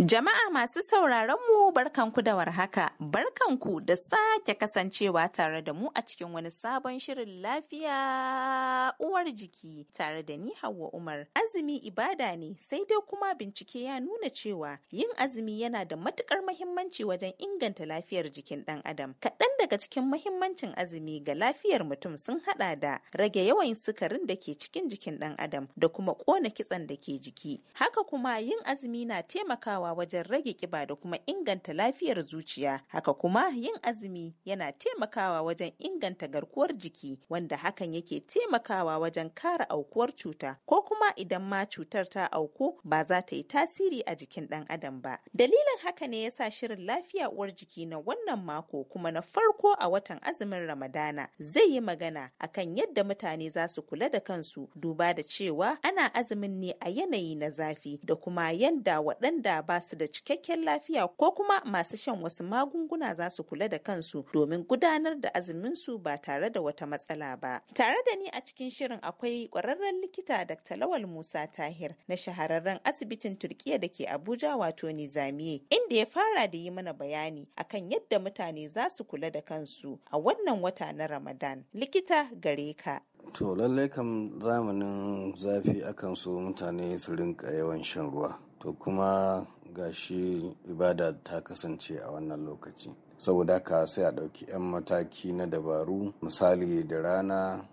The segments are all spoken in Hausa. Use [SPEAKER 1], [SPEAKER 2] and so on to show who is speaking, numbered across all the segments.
[SPEAKER 1] Jama'a masu sauraron mu barkanku da warhaka, barkanku da sake kasancewa tare da mu a cikin wani sabon shirin lafiya uwar jiki tare da ni Hauwa Umar. Azumi ibada ne sai dai kuma bincike ya nuna cewa yin azumi yana da matukar mahimmanci wajen inganta lafiyar jikin ɗan adam. Kaɗan daga cikin mahimmancin azumi ga lafiyar mutum sun haɗa da rage yawan sukarin da ke cikin jikin ɗan adam da kuma ƙona kitsen da ke jiki. Haka kuma yin azumi na taimakawa wajen rage kiba da kuma inganta lafiyar zuciya. Haka kuma yin azumi yana taimakawa wajen inganta garkuwar jiki wanda hakan yake taimakawa wajen kara aukuwar cuta ko kuma idan ma cutar ta auku ba za ta yi tasiri a jikin ɗan adam ba. Dalilin haka ne yasa shirin lafiya uwar jiki na wannan mako kuma na farko a watan azumin Ramadana zai yi magana akan yadda mutane za su kula da kansu duba da cewa ana azumin ne a yanayi na zafi da kuma yanda waɗanda ba su da cikakken lafiya ko kuma masu shan wasu magunguna za su kula da kansu domin gudanar da azumin su ba tare da wata matsala ba. Tare da ni a cikin shirin akwai kwararren likita Dr. Lawal Musa Tahir na shahararren asibitin Turkiya da ke Abuja wato Nizamiye inda ya fara da yi mana bayani akan yadda mutane za su kula da kansu a wannan wata na Ramadan. Likita gare ka.
[SPEAKER 2] To lallai kam zamanin zafi akan so mutane su rinka yawan shan ruwa. To kuma gashi ibada ta kasance a wannan lokaci saboda haka sai a ɗauki 'yan mataki na dabaru misali da rana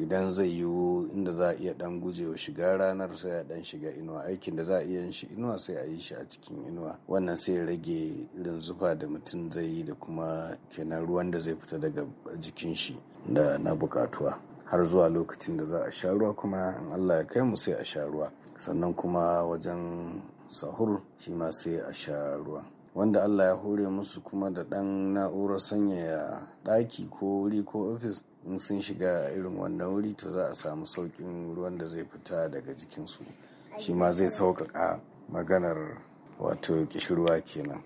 [SPEAKER 2] idan zai yiwu inda za a iya dan gujewa shiga ranar sai a dan shiga inuwa aikin da za a iya shi inuwa sai a yi shi a cikin inuwa wannan sai rage irin zufa da mutum zai yi da kuma kenan ruwan da zai fita daga jikin shi da na bukatuwa har zuwa lokacin da za a sha ruwa kuma in Allah ya kai mu sai a sha ruwa sannan kuma wajen sahur shi ma sai a sha ruwa wanda Allah ya hore musu kuma da ɗan na'urar sanyaya ɗaki ko wuri ko ofis in sun shiga irin wannan wuri to za a samu sauƙin ruwan da zai fita daga jikinsu shi ma zai sauƙaƙa maganar wato kishirwa kenan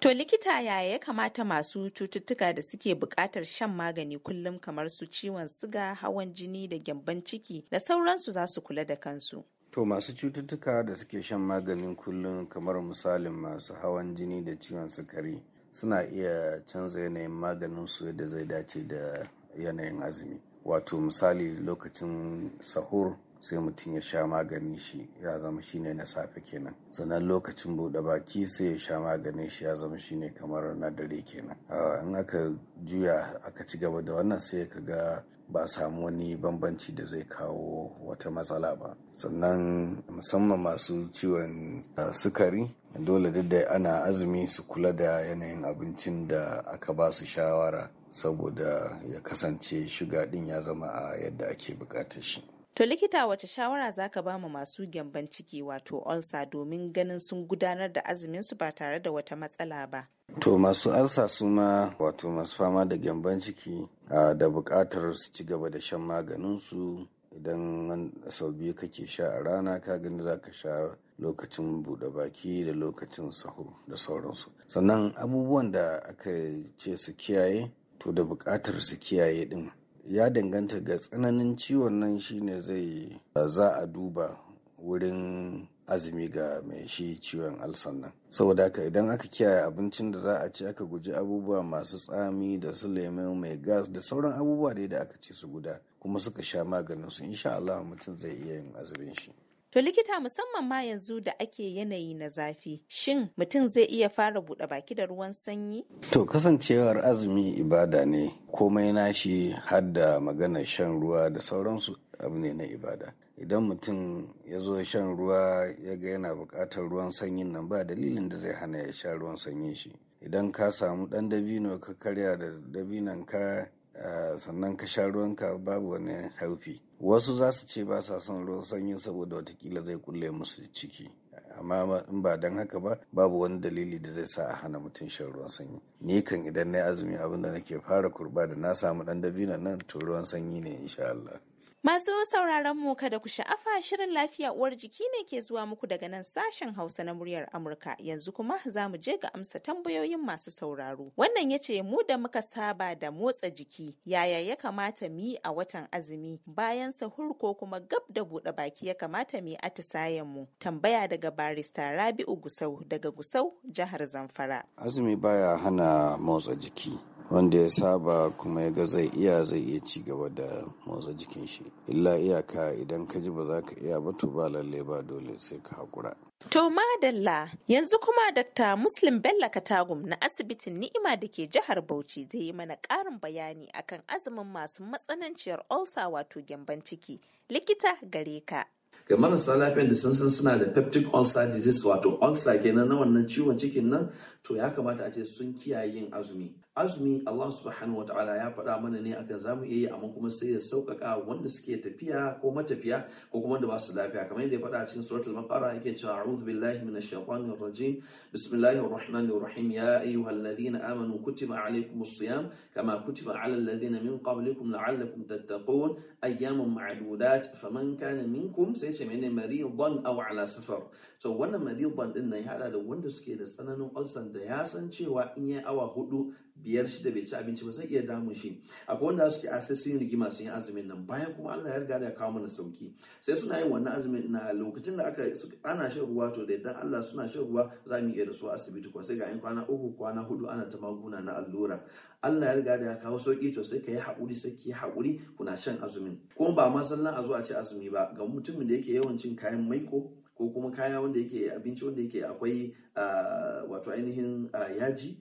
[SPEAKER 1] To likita yaya ya kamata masu cututtuka da suke buƙatar shan magani kullum kamar su ciwon siga, hawan jini da gyamban ciki da sauransu za su kula da kansu.
[SPEAKER 2] To masu cututtuka da suke shan maganin kullum kamar misalin masu hawan jini da ciwon sukari suna iya canza yanayin maganin su yadda zai dace da yanayin azumi. Wato misali lokacin sahur sai mutum ya sha maganin shi ya zama shi ne na safe kenan sannan lokacin buɗe baki sai ya sha maganin shi ya zama shi ne kamar na dare kenan ah, in aka juya aka ci gaba da wannan sai ka ga ba a samu wani bambanci da zai kawo wata matsala ba sannan musamman masu ciwon ah, sukari dole duk da ana azumi su kula da yanayin abincin da aka ba su shawara saboda ya kasance shuga din ya zama a yadda ake bukatar shi
[SPEAKER 1] To likita wace shawara za ka ba mu masu gyamban ciki wato olsa domin ganin sun gudanar da azumin su ba tare da wata matsala ba?
[SPEAKER 2] To masu arsa su ma wato masu fama da gyamban ciki da buƙatar su ci gaba da shan maganinsu idan sau biyu kake sha a rana ka gani za ka sha lokacin buɗe baki da lokacin saho da sauransu. Sannan abubuwan da aka ce su kiyaye to da buƙatar su kiyaye ɗin ya danganta ga tsananin ciwon nan shine zai za a duba wurin azumi ga mai shi ciwon alsan nan saboda haka idan aka kiyaye abincin da za a ci aka guji abubuwa masu tsami da su lemu mai gas da sauran abubuwa dai da aka ce su guda kuma suka sha maganin su insha Allah mutum zai iya yin azumin shi
[SPEAKER 1] To likita musamman ma yanzu da ake yanayi na zafi, shin mutum zai iya fara buɗe baki da ruwan sanyi?
[SPEAKER 2] To kasancewar azumi ibada ne, komai nashi har da maganar shan ruwa da sauransu abu ne na ibada. idan mutum ya zo shan ruwa ya ga yana buƙatar ruwan sanyin nan ba dalilin da zai hana ya sha ruwan sanyin shi idan ka samu ɗan dabino ka karya da dabinon ka eh, sannan ka sha ruwanka babu wani haifi. wasu za su ce ba sa son ruwan sanyi saboda watakila zai kulle musu ciki amma in ba don haka ba babu wani dalili da zai sa a hana mutum shan ruwan sanyi ni kan idan na yi azumi abin da nake fara kurba da na samu ɗan dabino nan to ruwan sanyi ne insha Allah
[SPEAKER 1] Masu sauraron mu kada ku sha'afa shirin lafiya uwar jiki ne ke zuwa muku daga nan sashen Hausa na muryar Amurka yanzu kuma za mu je ga amsa tambayoyin masu sauraro. Wannan ya ce mu da muka saba da motsa jiki yaya ya kamata mu a watan azumi bayan sahur ko kuma gab da buɗe baki ya kamata mu yi atisayen mu. Tambaya daga barista Rabi'u Gusau daga Gusau jihar Zamfara.
[SPEAKER 2] Azumi baya hana motsa jiki wanda ya saba kuma ya ga zai iya zai iya ci gaba da motsa jikin shi illa iyaka idan ka ji ba za ka iya ba to ba lalle ba dole sai ka hakura
[SPEAKER 1] to madalla yanzu kuma dr muslim bello katagum na asibitin ni'ima da ke jihar bauchi zai yi mana karin bayani akan azumin masu matsananciyar ulcer wato gyamban ciki likita gare ka
[SPEAKER 3] ga marasa lafiyan da sun san suna da peptic ulcer disease wato ulcer kenan na wannan ciwon cikin nan to ya kamata a ce sun kiyaye yin azumi azumi Allah subhanahu wataala ya faɗa mana ne akan zamu iya yi amma kuma sai ya sauƙaƙa wanda suke tafiya ko matafiya ko kuma wanda ba su lafiya kamar yadda ya faɗa a cikin suratul baqara yake cewa a'udhu billahi minash shaitanir rajim bismillahir rahmanir rahim ya ayyuhalladhina amanu kutiba alaykumus siyam kama kutiba alal ladhina min qablikum la'allakum tattaqun ayyamun ma'dudat faman kana minkum sai ce menene maridan aw ala safar to wannan maridan din nan ya hada da wanda suke da tsananin ulcer da ya san cewa in yi awa hudu biyar shida bai ci abinci ba zai iya damun shi akwai wanda su ce a sai sun yi rigima sun yi azumin nan bayan kuma Allah ya riga da kawo mana sauki sai suna yin wannan azumin na lokacin da aka ana shan ruwa to da idan Allah suna shan ruwa za mu iya da su asibiti ko sai ga in kwana uku kwana hudu ana ta maguna na allura Allah ya riga da ya kawo sauki to sai ka yi haƙuri sai ki haƙuri kuna shan azumin kuma ba ma sallan a zo a ce azumi ba ga mutumin da yake yawan cin kayan maiko ko kuma kaya wanda yake abinci wanda yake akwai ah, wato ainihin ah, yaji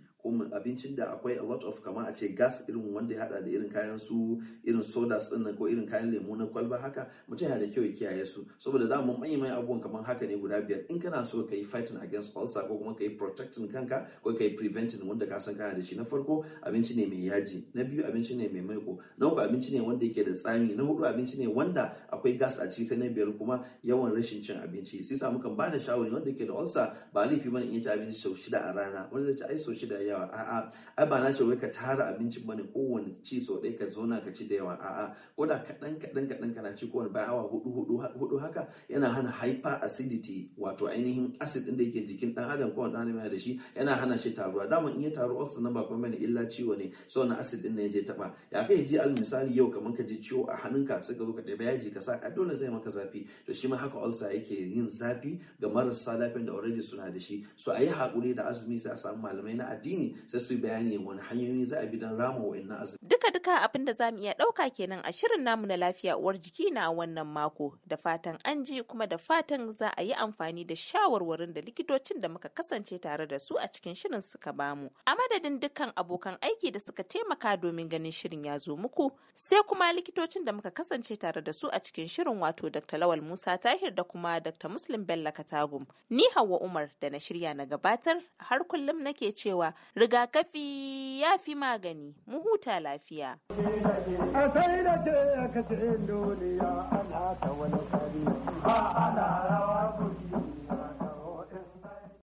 [SPEAKER 3] abincin da akwai a lot of kama a ce gas irin wanda ya hada da irin kayan su irin sodas din ko irin kayan lemu na kwalba haka mutum yana da kyau ya kiyaye su saboda mu mun manyan abubuwan kamar haka ne guda biyar in kana so ka yi fighting against ulcer ko kuma ka yi protecting kanka ko ka yi preventing wanda ka san kana da shi na farko abinci ne mai yaji na biyu abinci ne mai maiko na uku abinci ne wanda yake da tsami na hudu abinci ne wanda akwai gas a ciki sai na biyar kuma yawan rashin cin abinci sai sa mukan ba da shawari wanda yake da ulcer ba laifi bane in ya ci abinci sau shida a rana wanda zai ci ai sau shida ya yawa a'a ai ba na ce wai ka tara abinci bane kowane ci so dai ka zauna ka ci da yawa a'a ko da kaɗan kaɗan ka kana ci kowane bayan awa hudu hudu hudu haka yana hana hyper acidity wato ainihin acid din da yake jikin dan adam kowanne wani adam yana da shi yana hana shi taruwa dama in ya taru oxygen na ba kuma mai illa ciwo ne so na acid din ne ya je taba ya kai ji al misali yau kamar ka ji ciwo a hannunka sai ka zo ka ɗaya yaji ka sa dole zai maka zafi to shi ma haka ulcer yake yin zafi ga marasa lafiyan da already suna da shi so a yi haƙuri da azumi sai a samu malamai na addini sai su bayani wani hanyoyi za a bi don rama inna azumi.
[SPEAKER 1] Duka duka abin da za mu iya ɗauka kenan a shirin namu na lafiya uwar jiki na wannan mako da fatan an ji kuma da fatan za a yi amfani da shawarwarin da likitocin da muka kasance tare da su a cikin shirin suka bamu. A madadin dukkan abokan aiki da suka taimaka domin ganin shirin ya zo muku sai kuma likitocin da muka kasance tare da su a cikin shirin wato Dr. Lawal Musa Tahir da kuma Dr. Muslim Bello Katagum. Ni Hauwa Umar da na shirya na gabatar har kullum nake cewa rigakafi ya fi magani mu huta lafiya